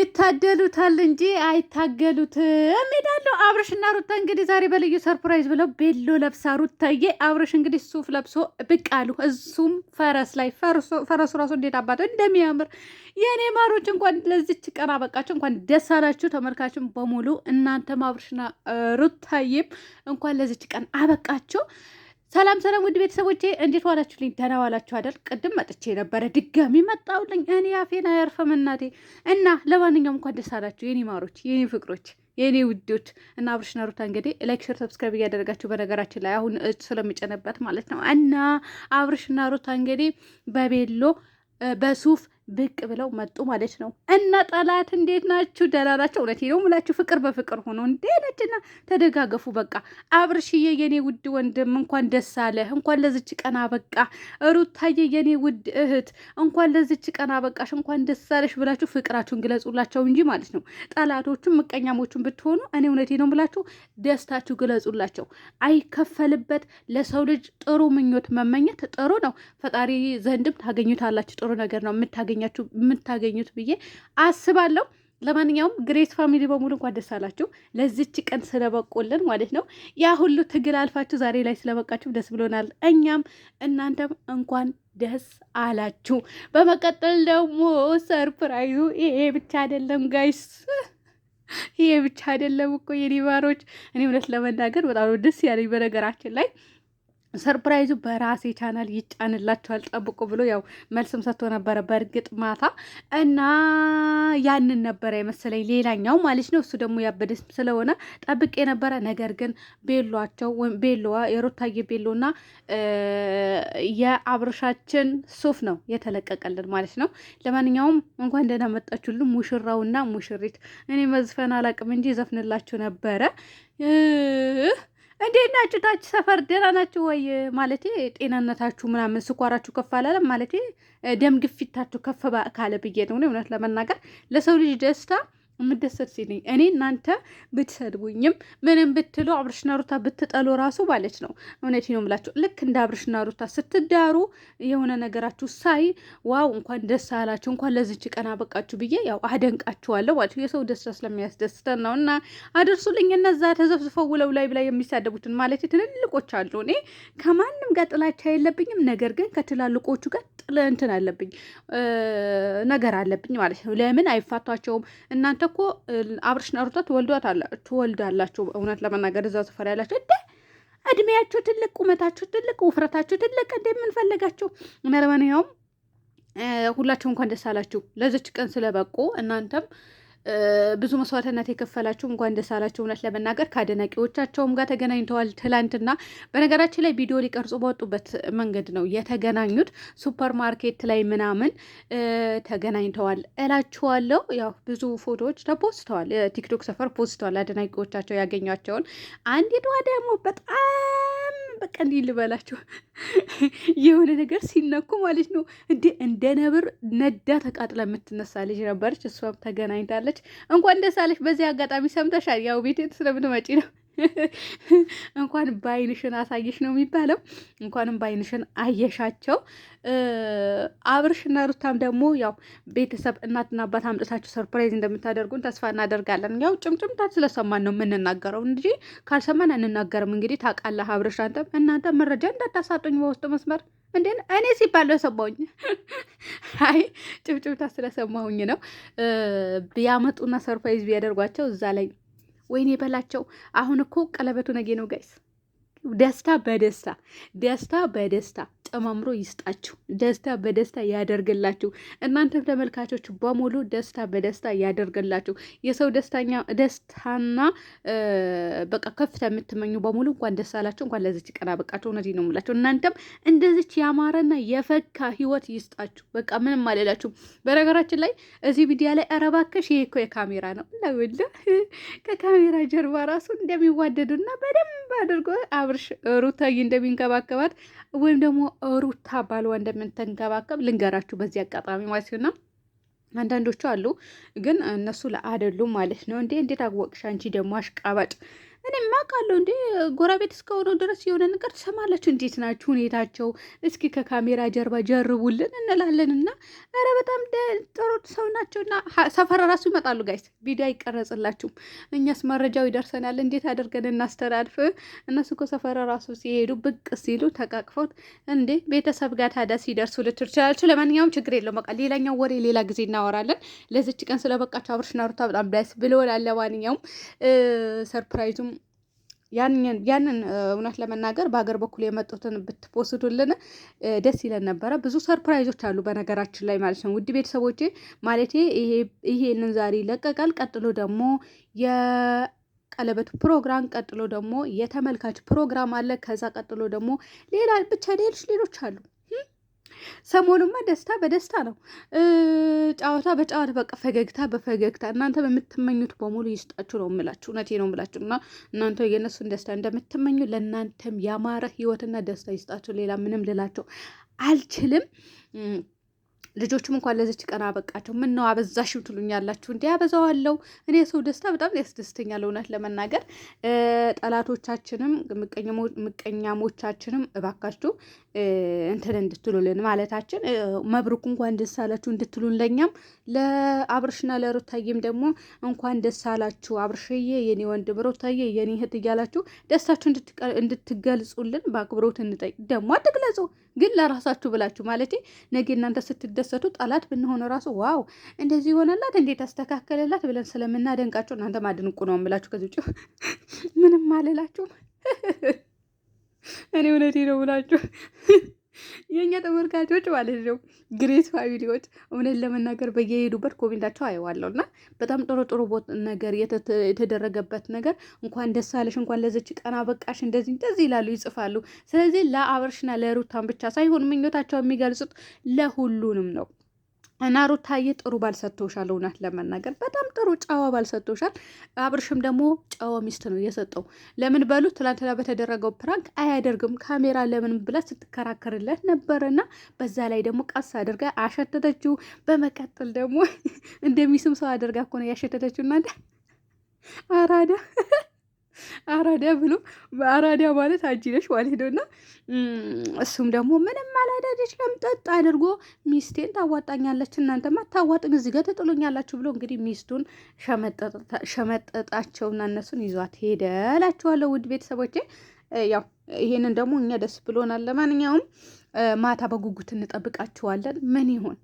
ይታደሉታል እንጂ አይታገሉትም። ሄዳለሁ አብረሽና ሩታ እንግዲህ ዛሬ በልዩ ሰርፕራይዝ ብለው ቤሎ ለብሳ ሩታዬ፣ አብርሽ እንግዲህ ሱፍ ለብሶ ብቅ አሉ። እሱም ፈረስ ላይ ፈረሱ ራሱ እንዴት አባቶ እንደሚያምር የእኔ ማሮች፣ እንኳን ለዚች ቀን አበቃችሁ፣ እንኳን ደስ አላችሁ ተመልካችን በሙሉ። እናንተም አብርሽና ሩታዬም እንኳን ለዚች ቀን አበቃችሁ። ሰላም ሰላም ውድ ቤተሰቦቼ እንዴት ዋላችሁልኝ? ደህና ዋላችሁ አይደል? ቅድም መጥቼ ነበረ ድጋሚ መጣሁልኝ። እኔ አፌን አያርፈም እናቴ። እና ለማንኛውም እንኳን ደስ አላችሁ የኔ ማሮች፣ የኔ ፍቅሮች፣ የኔ ውዶች እና አብርሽና ሩታ እንግዲህ ላይክ፣ ሸር፣ ሰብስክራይብ እያደረጋችሁ በነገራችን ላይ አሁን እጭ ስለሚጨነበት ማለት ነው እና አብርሽና ሩታ እንግዲህ በቤሎ በሱፍ ብቅ ብለው መጡ ማለት ነው። እና ጠላት እንዴት ናችሁ? ደህና ናቸው? እውነቴ ነው የምላችሁ ፍቅር በፍቅር ሆኖ እንዴ ነችና ተደጋገፉ። በቃ አብርሽዬ የኔ ውድ ወንድም እንኳን ደስ አለህ፣ እንኳን ለዝች ቀን አበቃ። ሩታዬ የኔ ውድ እህት እንኳን ለዝች ቀን አበቃሽ፣ እንኳን ደስ አለሽ ብላችሁ ፍቅራችሁን ግለጹላቸው እንጂ ማለት ነው። ጠላቶቹም ምቀኛሞቹን ብትሆኑ እኔ እውነቴ ነው የምላችሁ ደስታችሁ ግለጹላቸው። አይከፈልበት። ለሰው ልጅ ጥሩ ምኞት መመኘት ጥሩ ነው። ፈጣሪ ዘንድም ታገኙታላችሁ። ጥሩ ነገር ነው የምታገኙ የምታገኛችሁ የምታገኙት ብዬ አስባለሁ። ለማንኛውም ግሬት ፋሚሊ በሙሉ እንኳን ደስ አላችሁ ለዚች ቀን ስለበቁልን ማለት ነው። ያ ሁሉ ትግል አልፋችሁ ዛሬ ላይ ስለበቃችሁ ደስ ብሎናል። እኛም እናንተም እንኳን ደስ አላችሁ። በመቀጠል ደግሞ ሰርፕራይዙ ይሄ ብቻ አይደለም ጋይስ፣ ይሄ ብቻ አይደለም እኮ የኒባሮች። እኔ እውነት ለመናገር በጣም ደስ ያለኝ በነገራችን ላይ ሰርፕራይዙ በራሴ ቻናል ይጫንላችኋል ጠብቁ ብሎ ያው መልስም ሰጥቶ ነበረ። በእርግጥ ማታ እና ያንን ነበረ የመሰለኝ ሌላኛው ማለት ነው። እሱ ደግሞ ያበደ ስለሆነ ጠብቅ የነበረ ነገር ግን ቤሏቸው ወይም ቤሎዋ የሮታዬ ቤሎና የአብርሻችን ሱፍ ነው የተለቀቀልን ማለት ነው። ለማንኛውም እንኳን ደህና መጣችሁልን ሙሽራውና ሙሽሪት። እኔ መዝፈን አላቅም እንጂ ዘፍንላችሁ ነበረ እንዴት ናችሁ? ታች ሰፈር ደህና ናችሁ ወይ? ማለት ጤናነታችሁ ምናምን ስኳራችሁ ከፍ አላለም? ማለት ደም ግፊታችሁ ከፍ ካለ ብዬ ነው እውነት ለመናገር ለሰው ልጅ ደስታ የምደሰት ሴት ነኝ እኔ። እናንተ ብትሰድቡኝም ምንም ብትሉ አብርሽና ሩታ ብትጠሉ ራሱ ማለት ነው እውነት ነው የምላቸው። ልክ እንደ አብርሽና ሩታ ስትዳሩ የሆነ ነገራችሁ ሳይ ዋው እንኳን ደስ አላችሁ እንኳን ለዚች ቀን አበቃችሁ ብዬ ያው አደንቃችኋለሁ ማለት የሰው ደስታ ስለሚያስደስተን ነው። እና አደርሱልኝ እነዛ ተዘፍዝፈው ውለው ላይ ብላ የሚሳደቡትን ማለት ትልልቆች አሉ። እኔ ከማንም ጋር ጥላቻ የለብኝም፣ ነገር ግን ከትላልቆቹ ጋር ጥል እንትን አለብኝ ነገር አለብኝ ማለት ነው። ለምን አይፋቷቸውም እናንተ እኮ አብርሽና ሩታ ትወልዳላችሁ። እውነት ለመናገር እዛው ሰፈር ያላችሁ እንደ እድሜያችሁ ትልቅ፣ ቁመታችሁ ትልቅ፣ ውፍረታችሁ ትልቅ እንደምንፈልጋችሁ እና ለማንኛውም ሁላችሁ እንኳን ደስ አላችሁ ለዚች ቀን ስለበቁ እናንተም ብዙ መስዋዕትነት የከፈላችሁ እንኳን ደስ አላችሁ። እውነት ለመናገር ከአድናቂዎቻቸውም ጋር ተገናኝተዋል። ትላንትና በነገራችን ላይ ቪዲዮ ሊቀርጹ በወጡበት መንገድ ነው የተገናኙት። ሱፐር ማርኬት ላይ ምናምን ተገናኝተዋል እላችኋለሁ። ያው ብዙ ፎቶዎች ተፖስተዋል፣ ቲክቶክ ሰፈር ፖስተዋል። አደናቂዎቻቸው ያገኟቸውን አንዲቷ ደግሞ በጣም በቃ እንዲህ ልበላችሁ የሆነ ነገር ሲነኩ ማለት ነው እንዴ እንደ ነብር ነዳ ተቃጥላ የምትነሳ ልጅ ነበረች። እሷም ተገናኝታለች። እንኳን ደስ አለሽ። በዚህ አጋጣሚ ሰምተሻል። ያው ቤቴ ስለምትመጪ ነው እንኳን በአይንሽን አሳየሽ ነው የሚባለው። እንኳንም በአይንሽን አየሻቸው። አብርሽና ሩታም ደግሞ ያው ቤተሰብ እናትና አባት አምጥታችሁ ሰርፕራይዝ እንደምታደርጉን ተስፋ እናደርጋለን። ያው ጭምጭምታ ስለሰማን ነው የምንናገረው እንጂ ካልሰማን አንናገርም። እንግዲህ ታውቃለህ አብርሽ፣ አንተም እናንተ መረጃ እንዳታሳጡኝ በውስጥ መስመር እንዴን እኔ ሲባል ሰማሁኝ። አይ ጭብጭብታ ስለሰማሁኝ ነው። ቢያመጡና ሰርፕራይዝ ቢያደርጓቸው እዛ ላይ ወይኔ በላቸው። አሁን እኮ ቀለበቱ ነጌ ነው ጋይስ ደስታ በደስታ ደስታ በደስታ ጨማምሮ ይስጣችሁ። ደስታ በደስታ ያደርግላችሁ። እናንተም ተመልካቾች በሙሉ ደስታ በደስታ ያደርግላችሁ። የሰው ደስታኛ ደስታና በቃ ከፍታ የምትመኙ በሙሉ እንኳን ደስ አላችሁ፣ እንኳን ለዚች ቀን አበቃችሁ። እውነቴን ነው የምላችሁ። እናንተም እንደዚች ያማረና የፈካ ህይወት ይስጣችሁ። በቃ ምንም አልላችሁም። በነገራችን ላይ እዚህ ሚዲያ ላይ ኧረ ይሄ እኮ የካሜራ ነው እና ከካሜራ ጀርባ ራሱ እንደሚዋደዱና በደንብ አድርጎ አብር አብርሽ ሩታዬ እንደሚንከባከባት ወይም ደግሞ ሩታ ባልዋ እንደምትንከባከብ ልንገራችሁ በዚህ አጋጣሚ ማለት ነውና አንዳንዶቹ አሉ ግን እነሱ ለአደሉም ማለት ነው። እንዴ እንዴት አወቅሽ አንቺ ደግሞ አሽቃባጭ እኔ ማውቃለሁ እንዴ ጎረቤት እስከሆነው ድረስ የሆነ ነገር ትሰማላችሁ። እንዴት ናችሁ? ሁኔታቸው እስኪ ከካሜራ ጀርባ ጀርቡልን እንላለን እና ኧረ በጣም ጥሩ ሰው ናቸውና ሰፈር ራሱ ይመጣሉ። ጋይስ ቪዲዮ አይቀረጽላችሁም፣ እኛስ መረጃው ይደርሰናል። እንዴት አድርገን እናስተላልፍ? እነሱ እኮ ሰፈር ራሱ ሲሄዱ ብቅ ሲሉ ተቃቅፈው እንዴ ቤተሰብ ጋር ታዲያ ሲደርሱ ልትር ትችላላችሁ። ለማንኛውም ችግር የለውም። በቃ ሌላኛው ወሬ ሌላ ጊዜ እናወራለን። ለዚች ቀን ስለበቃቸው አብርሽና ሩታ በጣም ደስ ብሎናል። ለማንኛውም ሰርፕራይዙም ያንን እውነት ለመናገር በሀገር በኩል የመጡትን ብትፖስዱልን ደስ ይለን ነበረ። ብዙ ሰርፕራይዞች አሉ በነገራችን ላይ ማለት ነው ውድ ቤተሰቦቼ። ማለት ይሄንን ዛሬ ይለቀቃል። ቀጥሎ ደግሞ የቀለበት ፕሮግራም፣ ቀጥሎ ደግሞ የተመልካች ፕሮግራም አለ። ከዛ ቀጥሎ ደግሞ ሌላ ብቻ ሌሎች ሌሎች አሉ። ሰሞኑማ ደስታ በደስታ ነው፣ ጨዋታ በጨዋታ በቃ ፈገግታ በፈገግታ እናንተ በምትመኙት በሙሉ ይስጣችሁ ነው የምላችሁ። እውነቴ ነው የምላችሁ እና እናንተ የእነሱን ደስታ እንደምትመኙ ለእናንተም ያማረ ህይወትና ደስታ ይስጣችሁ። ሌላ ምንም ልላቸው አልችልም። ልጆቹም እንኳን ለዚች ቀን አበቃቸው። ምን ነው አበዛሽው ትሉኛላችሁ፣ እንዲህ አበዛዋለው። እኔ የሰው ደስታ በጣም ያስደስተኛል። እውነት ለመናገር ጠላቶቻችንም ምቀኛሞቻችንም እባካችሁ እንትን እንድትሉልን ማለታችን መብሩክ እንኳን ደስ አላችሁ እንድትሉን ለእኛም ለአብርሽና ለሩታዬም ደግሞ እንኳን ደስ አላችሁ አብርሽዬ፣ የኔ ወንድም፣ ሩታዬ የኔ እህት እያላችሁ ደስታችሁ እንድትገልጹልን በአክብሮት እንጠይቅ። ደግሞ አትግለጹ ግን ለራሳችሁ ብላችሁ ማለት ነገ እናንተ ስትደሰቱ ጠላት ብንሆነ ራሱ ዋው እንደዚህ ይሆነላት እንዴት አስተካከለላት ብለን ስለምናደንቃችሁ እናንተ ማድንቁ ነው ምላችሁ። ከዚህ ውጭ ምንም አልላችሁም። እኔ እውነቴ ነው ብላችሁ የእኛ ተመልካቾች ማለት ነው ግሬት ፋሚሊዎች እውነት ለመናገር በየሄዱበት ኮሜንታቸው አየዋለሁ እና በጣም ጥሩ ጥሩ ነገር የተደረገበት ነገር እንኳን ደስ አለሽ፣ እንኳን ለዘች ቀን አበቃሽ እንደዚህ እንደዚህ ይላሉ ይጽፋሉ። ስለዚህ ለአበርሽና ለሩታን ብቻ ሳይሆን ምኞታቸው የሚገልጹት ለሁሉንም ነው። እና ሩታዬ ጥሩ ባልሰጥቶሻል። እውነት ለመናገር በጣም ጥሩ ጨዋ ባልሰጥቶሻል። አብርሽም ደግሞ ጨዋ ሚስት ነው የሰጠው። ለምን በሉ ትላንትና በተደረገው ፕራንክ አያደርግም ካሜራ ለምን ብላ ስትከራከርለት ነበርና በዛ ላይ ደግሞ ቀስ አድርጋ አሸተተችው። በመቀጠል ደግሞ እንደሚስም ሰው አድርጋ እኮ ነው ያሸተተችው። እናንተ አራዳ አራዳ ብሎ አራዳ ማለት አጂነሽ ማለት ነው። እና እሱም ደግሞ ምንም አላዳደች ለምጠጥ አድርጎ ሚስቴን ታዋጣኛለች፣ እናንተማ ታዋጥን እዚህ ጋር ትጥሎኛላችሁ ብሎ እንግዲህ ሚስቱን ሸመጠጣቸውና እነሱን ይዟት ሄደ ውድ ቤተሰቦቼ። ያው ይሄንን ደግሞ እኛ ደስ ብሎናል። ለማንኛውም ማታ በጉጉት እንጠብቃችኋለን። ምን ይሆን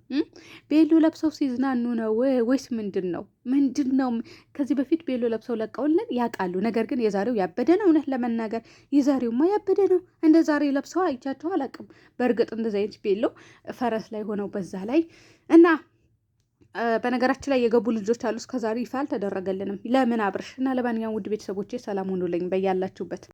ቤሎ ለብሰው ሲዝናኑ ነው ወይስ ምንድን ነው? ምንድን ነው? ከዚህ በፊት ቤሎ ለብሰው ለቀውልን ያውቃሉ። ነገር ግን የዛሬው ያበደ ነው። እውነት ለመናገር የዛሬውማ ያበደ ነው። እንደ ዛሬ ለብሰው አይቻቸው አላውቅም። በእርግጥ እንደዚ አይነት ቤሎ ፈረስ ላይ ሆነው በዛ ላይ እና በነገራችን ላይ የገቡ ልጆች አሉ። እስከዛሬ ይፋ አልተደረገልንም። ለምን አብርሽ እና ለማንኛውም ውድ ቤተሰቦቼ ሰላም ሆኑልኝ በያላችሁበት